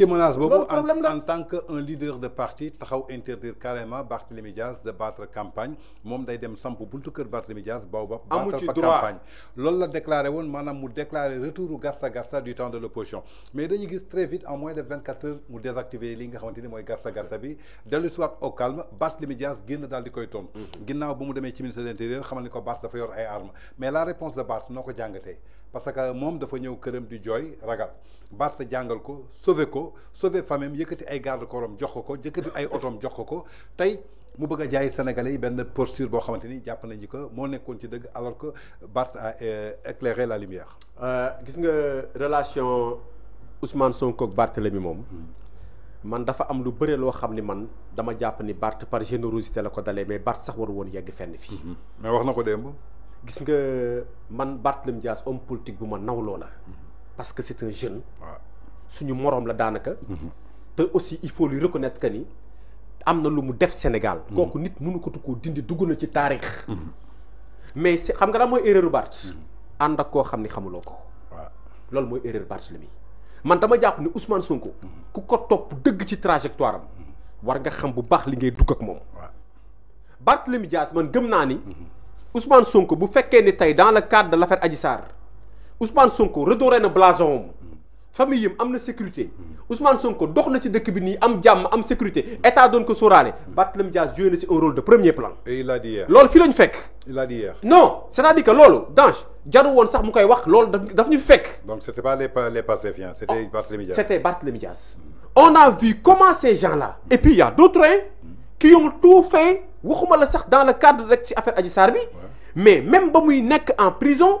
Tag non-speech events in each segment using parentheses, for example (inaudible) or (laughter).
ci menace boobu en tant que un leader de parti taxaw interdire carrément Barthélémy Diaz de battre campagne mom day dem samp buntu kër Barthélémy Diaz baw ba battre fa campagne loolu la déclarer won manam mu déclarer retouru Gassa Gassa du temps de l'opposition mais dañuy gis très vite en moins de 24 heures mu désactiver li nga xamanteni moy Gassa Gassa bi dellu au calme Barthélémy Diaz génn dal di koy tontu hum. ginnaaw ba mu demee ci ministre de l'intérieur xamal ni ko Barth dafa yor ay armes mais la réponse de Barth noko ko parce que mom dafa ñew këram du joy, ragal Barth jangal ko sauver ko sauver famille ay garde corps jox ko ko ay autom jox ko mu jaay sénégalais posture bo xamanteni nañu ko alors que a euh, éclairé la lumière. Euh, gis nga relation Ousmane Sonko man dafa am lu man dama ni par générosité la mais Barth sax war won yegg fenn mm-hmm. mais wax na ko gis nga man Barthélemy Dias homme politique bu ma la. Mm-hmm. parce que c'est un jeune suñu morom la danaka mhm. te aussi il faut lui reconnaître que ni def Sénégal. Mhm. nit mënu ko tuko dindi duguna ci mhm. mais si xam nga la erreur Bart. erreur man dama japp ni Ousmane Sonko. ku ko top trajectoire am. war nga xam bu baax li ngay dug ak Ousmane Sonko dans le cadre de l'affaire Ousmane Sonko blason famille yam am na sécurité Ousmane Sonko dox na ci dëkk bi ni am jamm am sécurité état donne ko sóoraale Barthélémy Dias joué na ci un rôle de premier plan. il a dit hier loolu fi lañu fekk. il a dit hier non cest à dire que lool Dange jaru won sax mu koy wax lool daf ñu fekk. donc c'était pas les les Pastéfiens c' était Barthélémy C'était c' c'était Barthélémy on a vu comment ces gens là et puis il y' a d'autres hein, qui ont tout fait waxuma la sax dans le cadre rek ci affaire Adji Sarr bi mais même ba muy nekk en prison.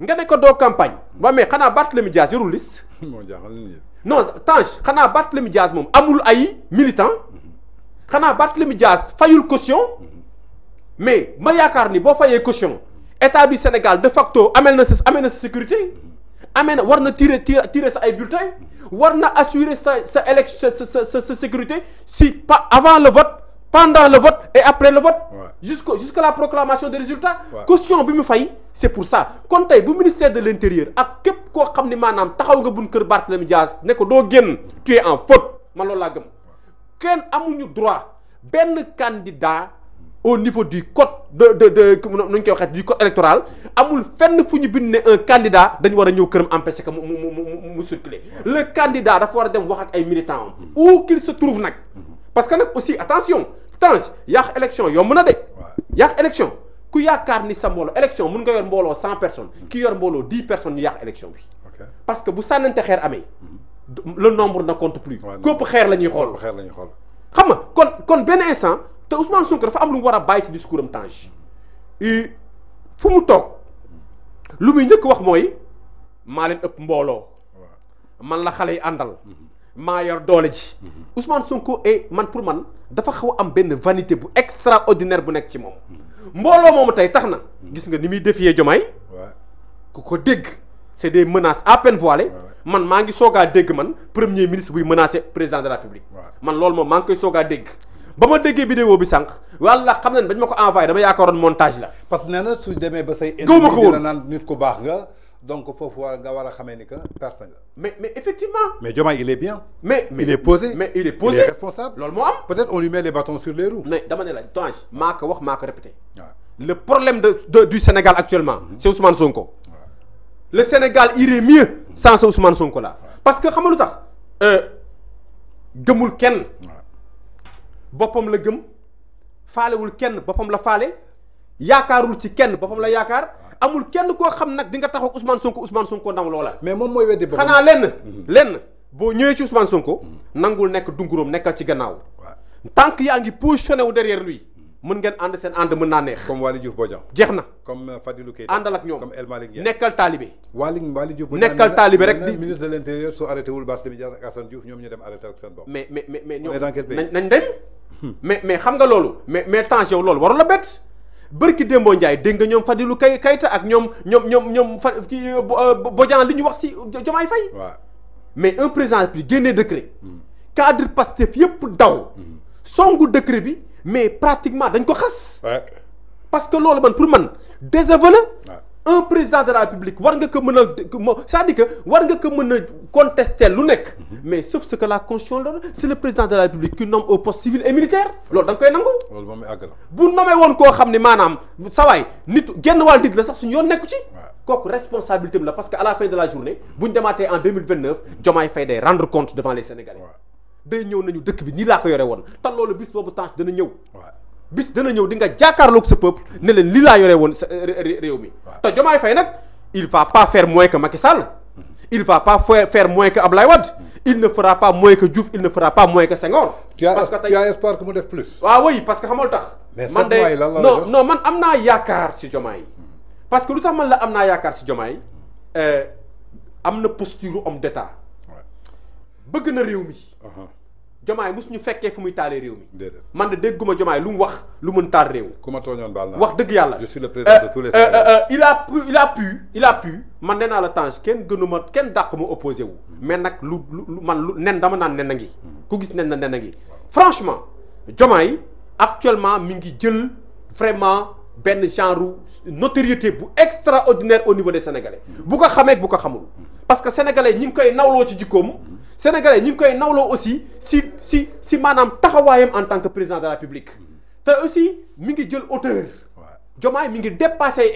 nga ko do campagne mais xanaa Dias yorul liste. (laughs) non a Dias mom amul ay militant bat fayul caution mais ma caution état du Sénégal de facto amène amen, sécurité warna tirer tirer sa assurer sa sécurité si pas avant le vote pendant le vote et après le vote. jusqu'à jusqu'à la proclamation des résultats. question bi pour ça. Quand le ministère de l'Intérieur tu es en faute candidat au niveau du code électoral il un candidat le candidat où qu'il se trouve mm-hmm. parce que aussi attention. Tange yàq élection yomb na de. yàq élection ku yaakaar ni sa mbooloo élection mun nga yor mbolo 100 personnes ki yor mbolo 10 personnes ñu yàq élection bi. parce que bu sànnante xeer amee. le nombre ne compte plus. képp xeer la ñuy xool xeer la ñuy xool. xam nga kon kon benn instant te Ousmane Sonko dafa am lu mu war a bàyyi ci discours am Tange fu mu toog lu muy njëkk wax mooy maa leen ëpp man la xalé andal maa yor doole ji mhm. Ousmane Sonko et man pour man dafa xaw am benn vanité bu extraordinaire bu nekk ci moom mbooloo moomu tey tax na mhm. gis nga ni muy défier Diomaye ku ko dégg c'est des menaces appen peine voilées man maa ngi soogaa dégg man premier ministre buy menacer président de la République man lool moom maa ngi koy soogaa dégg ba ma déggee vidéo bi sànq walla xam nañ bañ ma ko envoyé dama yaakaaroon montage la parce que nee na su demee ba say gëw ma ko baax nga donc foofu nga war a xamee ni que personne nga mais mais effectivement. mais Dioma, il est bien. mais il est posé. mais il est posé il est responsable. peut-être on lui met les bâtons sur les roues. mais dama ne la répéter... le problème de, du Sénégal actuellement. Mm-hmm. c'est Ousmane Sonko. le Sénégal irait mieux sans Ousmane Sonko là. parce que xam nga lu tax. Euh, gëmul kenn. boppam la gëm. faalewul kenn boppam la faale. yaakaarul ci amul kenn koo xam nag di nga taxaw Ousmane Sonko Ousmane Sonko ndaw loola. mais moom mooy weddi boppam xanaa lenn. Mm-hmm. lenn boo ñëwee ci Ousmane Sonko. nangul nekk dunguróom nekkal ci gannaaw. tant que yaa ngi positionné wu derrière lui. mën ngeen ànd seen ànd mën naa neex. jeex na euh, àndal ak ñoom nekkal taalibe. nekkal taalibe rek di ministre de l'intérieur su arrêté wul mais mais mais hmm. mais mais xam nga loolu. mais mais temps yow loolu warul la bett barki dembo Ndiaye dégg nga ñom fadilu Kay Kayta ak ñom ñom ñom ñom fa kii euh, euh, li ñu wax ci jomay Fay mais un président bi guéné décret hmm. cadre Pastef yëpp daw hmm. songu décret bi mais pratiquement dañ ko xass parce que loolu man pour man désaveu la un président de la République war nga ko meuna ça dit que war nga ko meuna contester lu nek mhm. mais sauf ce que la constitution c'est le président de la République qui nomme au poste civil et militaire loolu da koy nangu. loolu moom àgg bu nomé won ko xamni manam saway nit genn wal nit la sax suñu yoon ci. kok responsabilité la parce que à la fin de la journée buñ dématé en 2029, jomay fay neuf day rendre compte devant les Sénégalais. day ñew nañu dëkk bi ni la ko yoré won ta loolu bis boobu tâche dana ñew bis dana ñëw di nga jàkkaarloog ce peuple ne leen li laa yore woon sa réew mi. te Diomaye il va pas faire moins que Macky Sall. Mhm. il va pas faire moins que Ablaye Wade. Mhm. il ne fera pas moins que Diouf il ne fera pas moins que Senghor. parce que tu as espoir que mo def plus. wa ah oui parce que xamal tax. man day non non man amna yakar ci si mhm. parce que lu tax man la amna yakar ci si euh amna posture homme d'état bëgg na réew mi. Uh-huh jomaay mosuñu fekkee fu muy taalee réew mi. man de dégguma jomaay lu mu wax lu mën taal réew. ku ma tooñoon wax dëgg yalla je suis le président de tous les. Euh, euh, euh, il a pu il a pu il a pu man dina la Tange kenn gënuma kenn dàq opposé wu. Mm-hmm. mais nak lu lu man lu nen dama nan nen a ku gis nen na nen ngi. franchement jomaay actuellement mi ngi jël vraiment ben genre notoriété bu extraordinaire au niveau des sénégalais. Mm-hmm. bu ko xamé bu ko xamul. Mm-hmm. parce que sénégalais ñing koy nawlo ci jikkoom sénégalais nous aussi si si si en tant que président de la République te aussi mi hauteur mi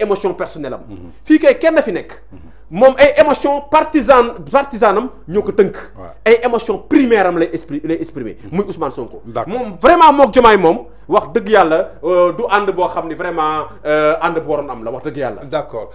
émotion personnelle am mhm. kay kenn fi mhm. émotion partisan partisan ñoko teunk émotion primaire am lay exprimer mhm. muy vraiment euh, euh, d'accord